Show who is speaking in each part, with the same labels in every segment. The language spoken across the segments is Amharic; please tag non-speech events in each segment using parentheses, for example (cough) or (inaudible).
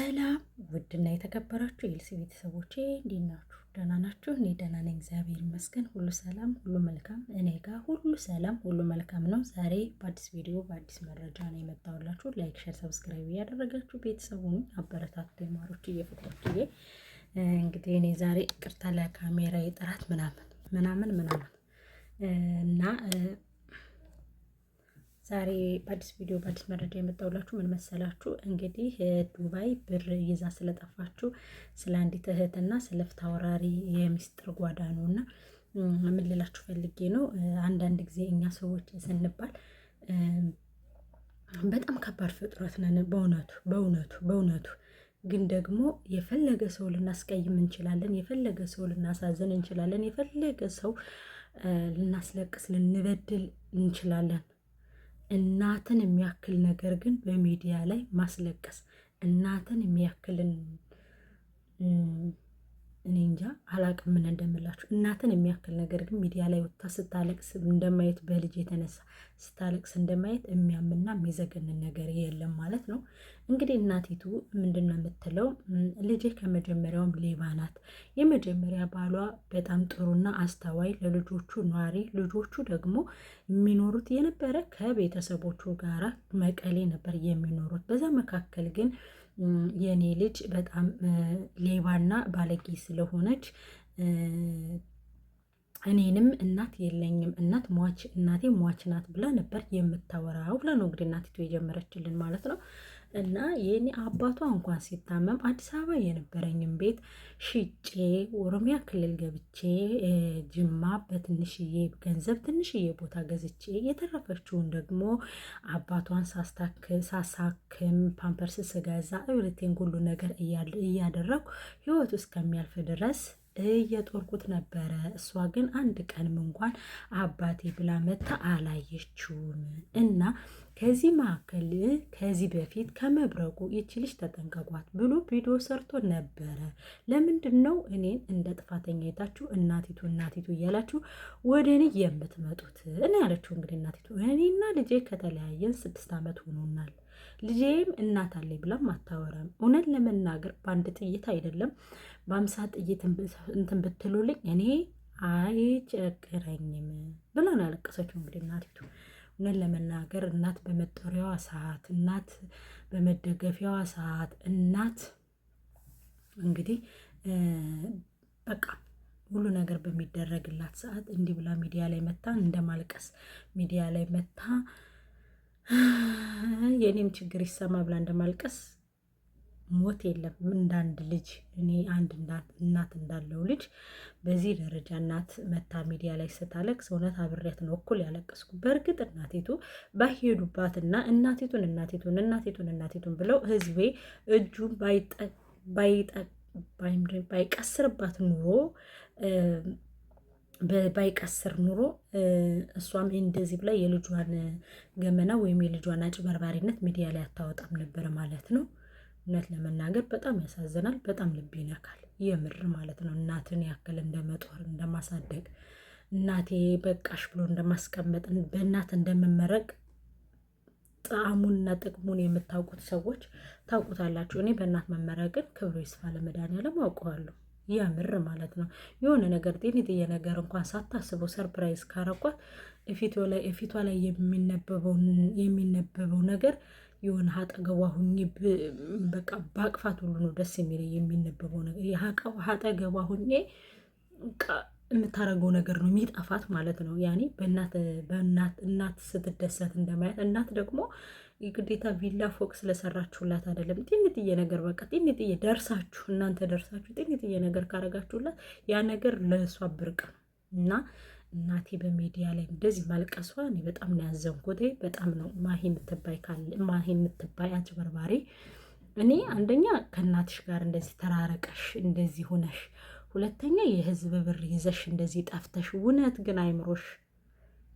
Speaker 1: ሰላም ውድና የተከበራችሁ የኤልሲ ቤተሰቦቼ እንዴት ናችሁ? ደህና ናችሁ? እኔ ደህና ነኝ፣ እግዚአብሔር ይመስገን። ሁሉ ሰላም፣ ሁሉ መልካም። እኔ ጋር ሁሉ ሰላም፣ ሁሉ መልካም ነው። ዛሬ በአዲስ ቪዲዮ በአዲስ መረጃ ነው የመጣሁላችሁ። ላይክ፣ ሸር፣ ሰብስክራይብ እያደረጋችሁ ቤተሰቡን አበረታቱ። የማሮች እየፍቅሮች ዬ እንግዲህ እኔ ዛሬ ቅርታ ለካሜራ ጥራት ምናምን ምናምን ምናምን እና ዛሬ በአዲስ ቪዲዮ በአዲስ መረጃ የመጣውላችሁ ምን መሰላችሁ? እንግዲህ ዱባይ ብር ይዛ ስለጠፋችሁ ስለ አንዲት እህትና ስለ ፍትሐ የሚስጥር ጓዳ ነው እና ምን ልላችሁ ፈልጌ ነው። አንዳንድ ጊዜ እኛ ሰዎች ስንባል በጣም ከባድ ፍጥረት ነን። በእውነቱ በእውነቱ በእውነቱ ግን ደግሞ የፈለገ ሰው ልናስቀይም እንችላለን። የፈለገ ሰው ልናሳዝን እንችላለን። የፈለገ ሰው ልናስለቅስ ልንበድል እንችላለን። እናትን የሚያክል ነገር ግን በሚዲያ ላይ ማስለቀስ እናትን የሚያክልን እኔ እንጃ አላቅም ምን እንደምላችሁ። እናትን የሚያክል ነገር ግን ሚዲያ ላይ ወጥታ ስታለቅስ እንደማየት በልጅ የተነሳ ስታለቅስ እንደማየት የሚያምና የሚዘገንን ነገር የለም ማለት ነው። እንግዲህ እናቲቱ ምንድን ነው የምትለው? ልጄ ከመጀመሪያውም ሌባ ናት። የመጀመሪያ ባሏ በጣም ጥሩና አስተዋይ ለልጆቹ ኗሪ፣ ልጆቹ ደግሞ የሚኖሩት የነበረ ከቤተሰቦቹ ጋራ መቀሌ ነበር የሚኖሩት። በዛ መካከል ግን የኔ ልጅ በጣም ሌባና ባለጌ ስለሆነች እኔንም እናት የለኝም እናት ሟች እናቴ ሟች ናት ብላ ነበር የምታወራው ብላ ነው እንግዲህ እናቲቱ የጀመረችልን ማለት ነው። እና የኔ አባቷ እንኳን ሲታመም አዲስ አበባ የነበረኝም ቤት ሽጬ ኦሮሚያ ክልል ገብቼ ጅማ በትንሽዬ ገንዘብ ትንሽዬ ቦታ ገዝቼ የተረፈችውን ደግሞ አባቷን ሳሳክም ፓምፐርስ ስገዛ እብርቴን ሁሉ ነገር እያደረኩ ህይወቱ እስከሚያልፍ ድረስ እየጦርኩት ነበረ። እሷ ግን አንድ ቀንም እንኳን አባቴ ብላ መታ አላየችውም። እና ከዚህ መካከል ከዚህ በፊት ከመብረቁ ይች ልጅ ተጠንቀቋት ብሎ ቪዲዮ ሰርቶ ነበረ። ለምንድን ነው እኔን እንደ ጥፋተኛ የታችሁ እናቲቱ እናቲቱ እያላችሁ ወደ እኔ የምትመጡት? እኔ ያለችው እንግዲህ እናቲቱ እኔና ልጄ ከተለያየን ስድስት ዓመት ሆኖናል። ልጄም እናት አለኝ ብላም አታወራም። እውነት ለመናገር በአንድ ጥይት አይደለም በአምሳ ጥይት እንትን ብትሉልኝ እኔ አይጨግረኝም ነው አለቀሰችው። እንግዲህ እናቲቱ እውነት ለመናገር እናት በመጦሪያዋ ሰዓት፣ እናት በመደገፊያዋ ሰዓት እናት እንግዲህ በቃ ሁሉ ነገር በሚደረግላት ሰዓት እንዲህ ብላ ሚዲያ ላይ መታ እንደማልቀስ ሚዲያ ላይ መታ (gasps) የእኔም ችግር ይሰማ ብላ እንደማልቀስ ሞት የለም። እንዳንድ ልጅ እኔ አንድ እናት እንዳለው ልጅ በዚህ ደረጃ እናት መታ ሚዲያ ላይ ስታለቅስ እውነት አብሬያት ነው እኩል ያለቀስኩ። በእርግጥ እናቴቱ ባይሄዱባትና እናቴቱን እናቴቱን እናቴቱን እናቴቱን ብለው ህዝቤ እጁን ባይቀስርባት ኑሮ ባይቀስር ኑሮ እሷም እንደዚህ ብላ የልጇን ገመና ወይም የልጇን አጭበርባሪነት ሚዲያ ላይ አታወጣም ነበር ማለት ነው። እውነት ለመናገር በጣም ያሳዝናል። በጣም ልብ ይነካል። የምር ማለት ነው። እናትን ያክል እንደመጦር እንደማሳደግ፣ እናቴ በቃሽ ብሎ እንደማስቀመጥ፣ በእናት እንደመመረቅ ጣዕሙንና ጥቅሙን የምታውቁት ሰዎች ታውቁታላችሁ። እኔ በእናት መመረቅን ክብሩ ይስፋ ለመድኃኒዓለም አውቀዋለሁ። የምር ማለት ነው። የሆነ ነገር ጤንጥዬ ነገር እንኳን ሳታስበው ሰርፕራይዝ ካረኳት ፊቷ ላይ የሚነበበው ነገር የሆነ አጠገቧ ሁኝ በቃ በአቅፋት ሁሉ ነው ደስ የሚለ የሚነበበው ነገር አጠገቧ ሁኜ የምታደርገው ነገር ነው የሚጠፋት ማለት ነው። ያኔ በእናት እናት ስትደሰት እንደማየት እናት ደግሞ የግዴታ ቪላ ፎቅ ስለሰራችሁላት አይደለም። ጥንትዬ ነገር በቃ ጥንትዬ ደርሳችሁ እናንተ ደርሳችሁ ጥንትዬ ነገር ካረጋችሁላት ያ ነገር ለእሷ ብርቅ ነው እና እናቴ በሚዲያ ላይ እንደዚህ ማልቀሷ እኔ በጣም ነው ያዘንኩት። በጣም ነው ማሂ የምትባይ ካለ ማሂ የምትባይ አጭበርባሪ። እኔ አንደኛ ከእናትሽ ጋር እንደዚህ ተራረቀሽ እንደዚህ ሆነሽ፣ ሁለተኛ የህዝብ ብር ይዘሽ እንደዚህ ጠፍተሽ፣ እውነት ግን አይምሮሽ፣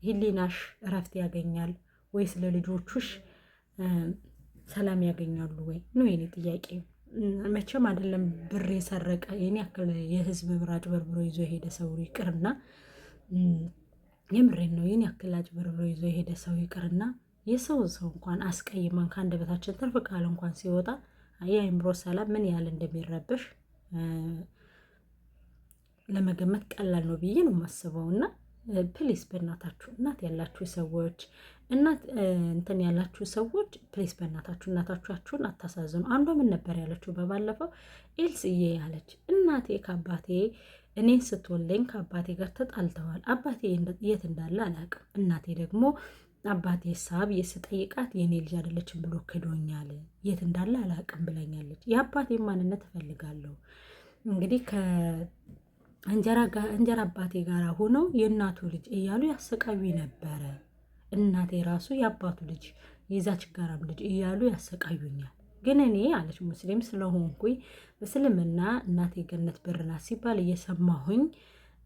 Speaker 1: ህሊናሽ እረፍት ያገኛል ወይስ ለልጆቹሽ ሰላም ያገኛሉ ወይ ነው የኔ ጥያቄ። መቼም አይደለም ብር የሰረቀ የኔ ያክል የህዝብ ብር አጭበርብሮ ይዞ የሄደ ሰው ይቅርና፣ የምሬን ነው የኔ ያክል አጭበርብሮ ይዞ የሄደ ሰው ይቅርና የሰው ሰው እንኳን አስቀይማን ከአንደበታችን ትርፍ ቃል እንኳን ሲወጣ የአእምሮ ሰላም ምን ያህል እንደሚረብሽ ለመገመት ቀላል ነው ብዬ ነው የማስበው። እና ፕሊስ በእናታችሁ እናት ያላችሁ ሰዎች እና እንትን ያላችሁ ሰዎች ፕሌስ በእናታችሁ እናታችሁን አታሳዝኑ። አንዷ ምን ነበር ያለችው በባለፈው ኤልስዬ ያለች እናቴ ከአባቴ እኔ ስትወለኝ ከአባቴ ጋር ተጣልተዋል። አባቴ የት እንዳለ አላውቅም። እናቴ ደግሞ አባቴ ሳብ የስጠይቃት የኔ ልጅ አይደለችም ብሎ ክዶኛል። የት እንዳለ አላውቅም ብለኛለች። የአባቴ ማንነት እፈልጋለሁ። እንግዲህ ከእንጀራ አባቴ ጋር ሆነው የእናቱ ልጅ እያሉ ያሰቃዩ ነበረ እናቴ ራሱ የአባቱ ልጅ የዛ ችጋራም ልጅ እያሉ ያሰቃዩኛል። ግን እኔ አለች ሙስሊም ስለሆንኩኝ እስልምና እናቴ ገነት በርና ሲባል እየሰማሁኝ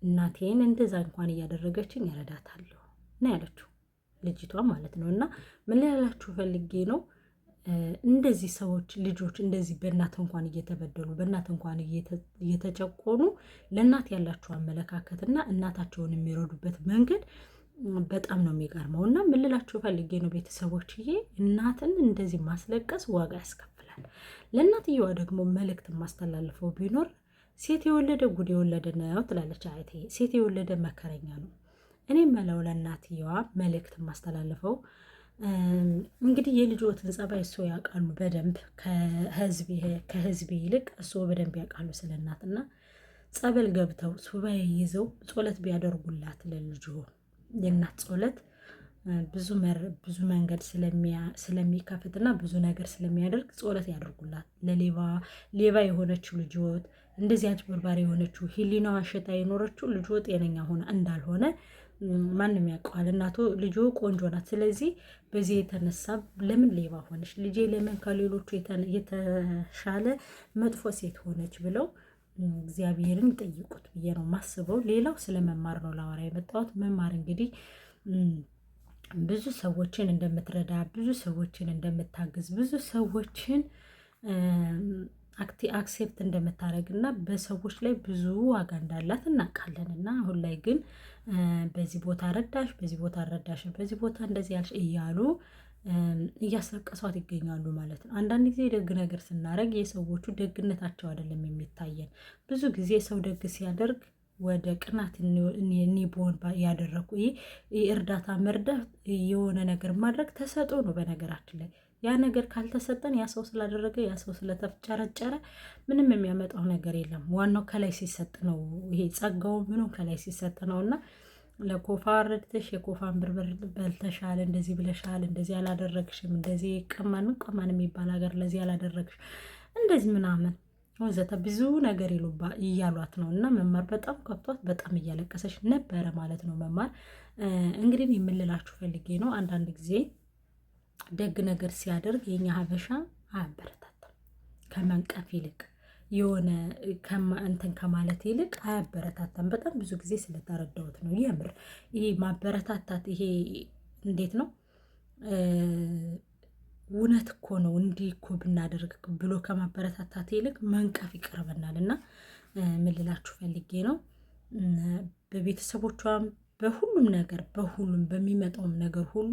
Speaker 1: እናቴን እንደዛ እንኳን እያደረገችኝ እረዳታለሁ ነው ያለችው ልጅቷ ማለት ነው። እና ምን ላላችሁ ፈልጌ ነው እንደዚህ ሰዎች ልጆች እንደዚህ በእናት እንኳን እየተበደሉ በእናት እንኳን እየተጨቆኑ ለእናት ያላቸው አመለካከትና እናታቸውን የሚረዱበት መንገድ በጣም ነው የሚገርመው። እና ምልላችሁ ፈልጌ ነው ቤተሰቦችዬ፣ እናትን እንደዚህ ማስለቀስ ዋጋ ያስከፍላል። ለእናትየዋ ደግሞ መልእክት ማስተላልፈው ቢኖር ሴት የወለደ ጉድ የወለደ ነው ትላለች አያቴ። ሴት የወለደ መከረኛ ነው። እኔ መለው ለእናትየዋ መልእክት ማስተላልፈው እንግዲህ የልጆትን ጸባይ እሶ ያውቃሉ በደንብ ከህዝብ ይልቅ እሶ በደንብ ያውቃሉ ስለ እናትና ጸበል ገብተው ሱባኤ ይዘው ጸሎት ቢያደርጉላት ለልጅ የእናት ጸሎት ብዙ ብዙ መንገድ ስለሚከፍት እና ብዙ ነገር ስለሚያደርግ ጸሎት ያደርጉላት። ለሌባ ሌባ የሆነችው ልጅወት እንደዚህ አጭበርባሪ የሆነችው ሕሊናዋ ሽታ የኖረችው ልጅ ጤነኛ ሆነ እንዳልሆነ ማንም ያውቀዋል። እናቶ ልጆ ቆንጆ ናት። ስለዚህ በዚህ የተነሳ ለምን ሌባ ሆነች ልጄ፣ ለምን ከሌሎቹ የተሻለ መጥፎ ሴት ሆነች ብለው እግዚአብሔርን ጠይቁት ብዬ ነው ማስበው። ሌላው ስለ መማር ነው ላወራ የመጣሁት። መማር እንግዲህ ብዙ ሰዎችን እንደምትረዳ፣ ብዙ ሰዎችን እንደምታግዝ፣ ብዙ ሰዎችን አክሴፕት እንደምታደረግ እና በሰዎች ላይ ብዙ ዋጋ እንዳላት እናውቃለን። እና አሁን ላይ ግን በዚህ ቦታ ረዳሽ፣ በዚህ ቦታ ረዳሽ፣ በዚህ ቦታ እንደዚህ ያልሽ እያሉ እያስለቀሷት ይገኛሉ ማለት ነው። አንዳንድ ጊዜ ደግ ነገር ስናደርግ የሰዎቹ ደግነታቸው አይደለም የሚታየን። ብዙ ጊዜ ሰው ደግ ሲያደርግ ወደ ቅናት ኒቦን በሆን ያደረኩ ይህ እርዳታ መርዳት የሆነ ነገር ማድረግ ተሰጦ ነው። በነገራችን ላይ ያ ነገር ካልተሰጠን ያ ሰው ስላደረገ ያ ሰው ስለተፍጨረጨረ ምንም የሚያመጣው ነገር የለም። ዋናው ከላይ ሲሰጥ ነው። ይሄ ጸጋው ምኑ ከላይ ሲሰጥ ነው እና ለኮፋ አረድተሽ የኮፋን ብርብር በልተሻል፣ እንደዚህ ብለሻል፣ እንደዚህ አላደረግሽም፣ እንደዚህ ቀማን ቀማን የሚባል ሀገር ለዚህ አላደረግሽ እንደዚህ ምናምን ወዘተ ብዙ ነገር እያሏት ነው። እና መማር በጣም ከብቷት በጣም እያለቀሰች ነበረ ማለት ነው። መማር እንግዲህ የምልላችሁ ፈልጌ ነው። አንዳንድ ጊዜ ደግ ነገር ሲያደርግ የኛ ሀበሻ አያበረታታም ከመንቀፍ ይልቅ የሆነ እንትን ከማለት ይልቅ አያበረታታም። በጣም ብዙ ጊዜ ስለተረዳሁት ነው። የምር ይሄ ማበረታታት ይሄ እንዴት ነው እውነት እኮ ነው እንዲህ እኮ ብናደርግ ብሎ ከማበረታታት ይልቅ መንቀፍ ይቀርበናል። እና ምን ልላችሁ ፈልጌ ነው በቤተሰቦቿም በሁሉም ነገር በሁሉም በሚመጣውም ነገር ሁሉ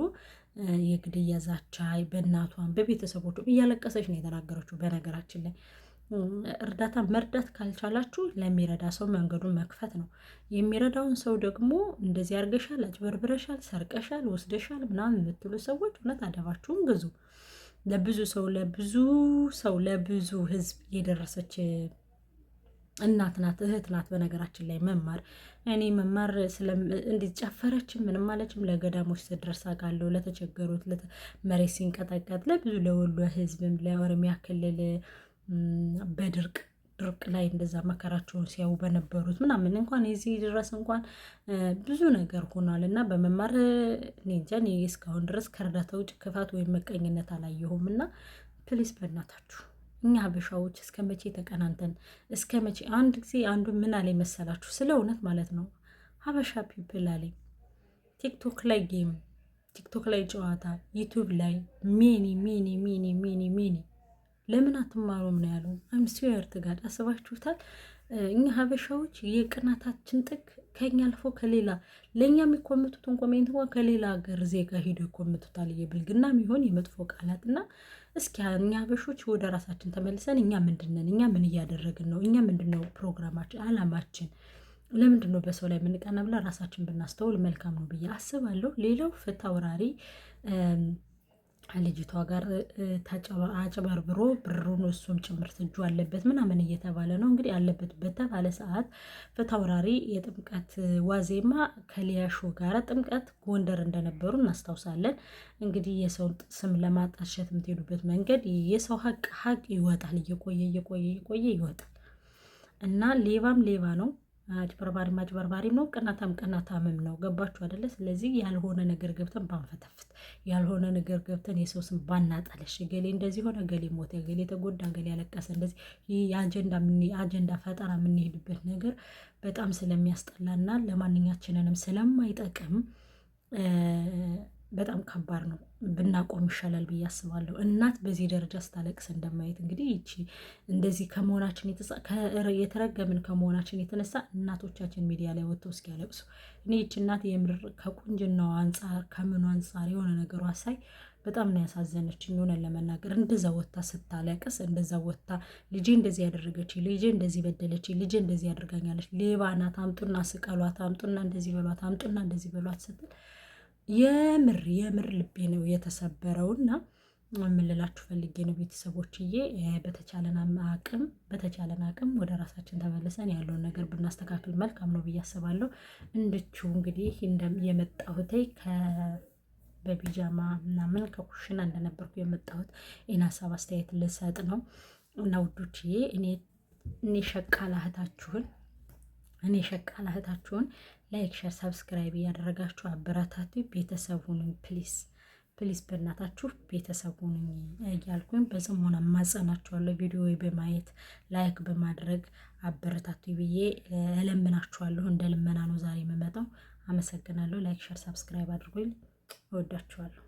Speaker 1: የግድያ ዛቻ በእናቷም በቤተሰቦቿም እያለቀሰች ነው የተናገረችው በነገራችን ላይ እርዳታ መርዳት ካልቻላችሁ ለሚረዳ ሰው መንገዱን መክፈት ነው። የሚረዳውን ሰው ደግሞ እንደዚህ አርገሻል፣ አጭበርብረሻል፣ ሰርቀሻል፣ ወስደሻል ምናምን የምትሉ ሰዎች እውነት አደባችሁን ግዙ። ለብዙ ሰው ለብዙ ሰው ለብዙ ህዝብ የደረሰች እናት ናት፣ እህት ናት። በነገራችን ላይ መማር እኔ መማር እንዴት ጨፈረችም ምንም ማለችም ለገዳሞች ስደርስ አውቃለሁ። ለተቸገሩት መሬት ሲንቀጠቀጥ ለብዙ ለወሎ ህዝብም ለኦሮሚያ ክልል በድርቅ ድርቅ ላይ እንደዛ መከራቸውን ሲያዩ በነበሩት ምናምን እንኳን የዚህ ድረስ እንኳን ብዙ ነገር ሆኗል እና በመማር እኔ እስካሁን ድረስ ከእርዳታ ውጭ ክፋት ወይም መቀኝነት አላየሁም። እና ፕሊስ በእናታችሁ እኛ ሀበሻዎች እስከ መቼ ተቀናንተን እስከ መቼ? አንድ ጊዜ አንዱ ምን አለ መሰላችሁ? ስለ እውነት ማለት ነው ሀበሻ ፒፕል አለ ቲክቶክ ላይ ጌም፣ ቲክቶክ ላይ ጨዋታ፣ ዩቱብ ላይ ሚኒ ሚኒ ሚኒ ሚኒ ሚኒ ለምን አትማሩም ነው ያሉን። አምስቲር ትጋድ አስባችሁታል። እኛ ሀበሻዎች የቅናታችን ጥግ ከኛ አልፎ ከሌላ ለእኛ የሚኮምቱትን ኮሜንት እንኳን ከሌላ ሀገር ዜጋ ሂዶ ይኮምቱታል። የብልግና የሚሆን የመጥፎ ቃላት እና እስኪ እኛ ሀበሾች ወደ ራሳችን ተመልሰን እኛ ምንድነን? እኛ ምን እያደረግን ነው? እኛ ምንድነው ፕሮግራማችን፣ አላማችን ለምንድን ነው በሰው ላይ የምንቀና ብላ ራሳችን ብናስተውል መልካም ነው ብዬ አስባለሁ። ሌላው አውራሪ ልጅቷ ጋር አጭበርብሮ ብሩን እሱም ጭምርት እጁ አለበት ምናምን እየተባለ ነው እንግዲህ። አለበት በተባለ ሰዓት ፊታውራሪ የጥምቀት ዋዜማ ከሊያሾ ጋር ጥምቀት ጎንደር እንደነበሩ እናስታውሳለን። እንግዲህ የሰውን ስም ለማጣሸት የምትሄዱበት መንገድ የሰው ሀቅ ሀቅ ይወጣል፣ እየቆየ እየቆየ እየቆየ ይወጣል እና ሌባም ሌባ ነው። አጭበርባሪም አጭበርባሪም ነው፣ ቅናታም ቅናታምም ነው። ገባችሁ አደለ? ስለዚህ ያልሆነ ነገር ገብተን ባንፈተፍት፣ ያልሆነ ነገር ገብተን የሰው ስም ባናጠለሽ፣ ገሌ እንደዚህ ሆነ፣ ገሌ ሞተ፣ ገሌ ተጎዳ፣ ገሌ ያለቀሰ፣ እንደዚህ ይህ የአጀንዳ ፈጠራ የምንሄድበት ነገር በጣም ስለሚያስጠላና ለማንኛችንንም ስለማይጠቅም በጣም ከባድ ነው። ብናቆም ይሻላል ብዬ አስባለሁ። እናት በዚህ ደረጃ ስታለቅስ እንደማየት እንግዲህ ይቺ እንደዚህ ከመሆናችን የተረገምን ከመሆናችን የተነሳ እናቶቻችን ሚዲያ ላይ ወጥተው እስኪያለቅሱ እኔ ይቺ እናት የምር ከቁንጅናው አንጻር ከምኑ አንጻር የሆነ ነገሩ ሳይ በጣም ነው ያሳዘነች። የሆነን ለመናገር እንደዛ ወታ ስታለቅስ እንደዛ ወታ ልጄ እንደዚህ ያደረገች፣ ልጄ እንደዚህ በደለች፣ ልጄ እንደዚህ ያደርጋኛለች፣ ሌባ ናት፣ አምጡና ስቀሏት፣ አምጡና እንደዚህ በሏት፣ አምጡና እንደዚህ በሏት ስትል የምር የምር ልቤ ነው የተሰበረውና የምልላችሁ ፈልጌ ነው ቤተሰቦችዬ። በተቻለን አቅም በተቻለን አቅም ወደ ራሳችን ተመልሰን ያለውን ነገር ብናስተካክል መልካም ነው ብዬ አስባለሁ። እንድችው እንግዲህ የመጣሁትኝ በቢጃማ ምናምን ከኩሽና እንደነበርኩ የመጣሁት ይህን ሀሳብ አስተያየት ልሰጥ ነው እና ውዶችዬ እኔ እኔ ሸቃላ እህታችሁን እኔ ሸቃላ እህታችሁን ላይክ፣ ሸር፣ ሰብስክራይብ እያደረጋችሁ አበረታቱ። ቤተሰቡንም ፕሊስ ፕሊስ በእናታችሁ ቤተሰቡን እያልኩኝ በጽሞና ማጸናችኋለሁ። ቪዲዮ በማየት ላይክ በማድረግ አበረታቱ ብዬ እለምናችኋለሁ። እንደ ልመና ነው ዛሬ የምመጣው። አመሰግናለሁ። ላይክ፣ ሸር፣ ሰብስክራይብ አድርጎኝ እወዳችኋለሁ።